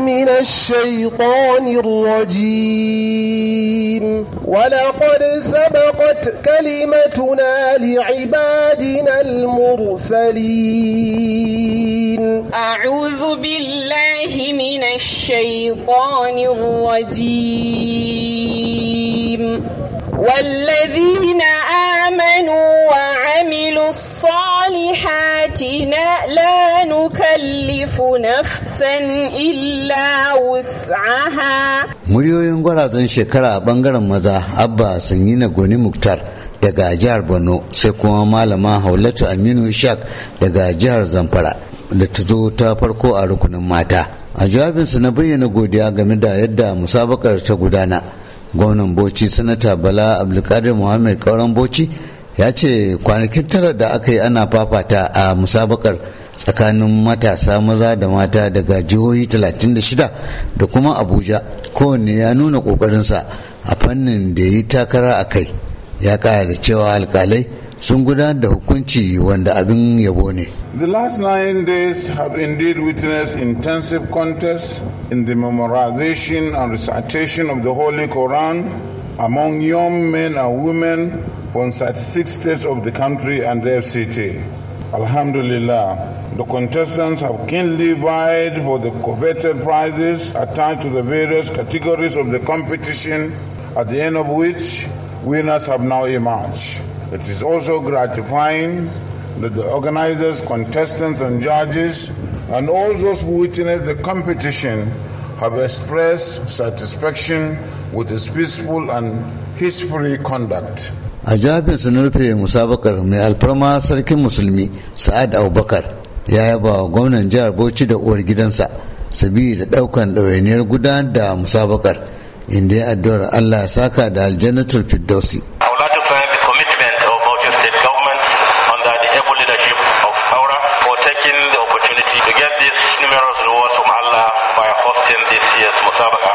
من الشيطان الرجيم ولقد سبقت كلمتنا لعبادنا المرسلين أعوذ بالله من الشيطان الرجيم والذين آمنوا نكلف nafsan illa wus'aha muryoyin gwarazan shekara a bangaren maza abba sanyi na goni muktar daga jihar borno sai kuma malama haulatu aminu ishaq daga jihar zamfara da ta zo ta farko a rukunin mata a jawabinsu na bayyana godiya game da yadda musabakar ta gudana gwamnan bauchi sanata bala abdulkadir muhammad kauran bauchi ya ce kwanakin tara da aka yi ana fafata a musabakar tsakanin matasa maza da mata daga jihohi 36 da kuma abuja kowane ya nuna kokarinsa a fannin da ya yi takara a kai ya kara da cewa alkalai sun gudanar da hukunci wanda abin yabo ne. The last nine days have indeed witnessed intensive contest in the memorization and recitation of the Holy Quran among young men and women from 36 states of the country and their city. Alhamdulillah, the contestants have keenly vied for the coveted prizes attached to the various categories of the competition, at the end of which winners have now emerged. It is also gratifying that the organizers, contestants, and judges, and all those who witnessed the competition, have expressed satisfaction with its peaceful and history conduct. a jafin su rufe musabakar mai alfarma sarkin musulmi sa'ad abubakar ya yaba wa gwamnan jihar bauchi da uwar gidansa sabi da daukan ɗawainiyar gudanar da musabakar inda ya addu'ar allah saka da aljannatul firdausi taking the to get numerous rewards from Allah by hosting this year's Musabaka.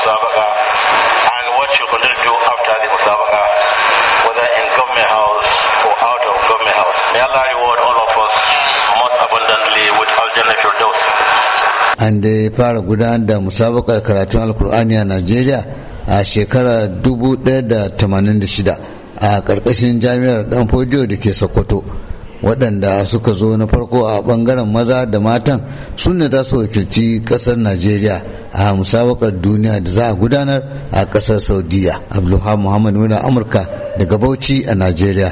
musabaka and what you could do after the musabaka whether in government house or out of government house may Allah reward all of us most abundantly with Al-Jannah dose an da ya fara gudanar da musabakar karatun alkur'ani a najeriya a shekarar 1986 a ƙarƙashin jami'ar dan fojo da ke sokoto waɗanda suka zo na farko a ɓangaren maza da matan sun ne za su wakilci ƙasar najeriya a musabakar duniya da za a gudanar a ƙasar saudiya abdulhamu muhammad nuna amurka daga bauchi a najeriya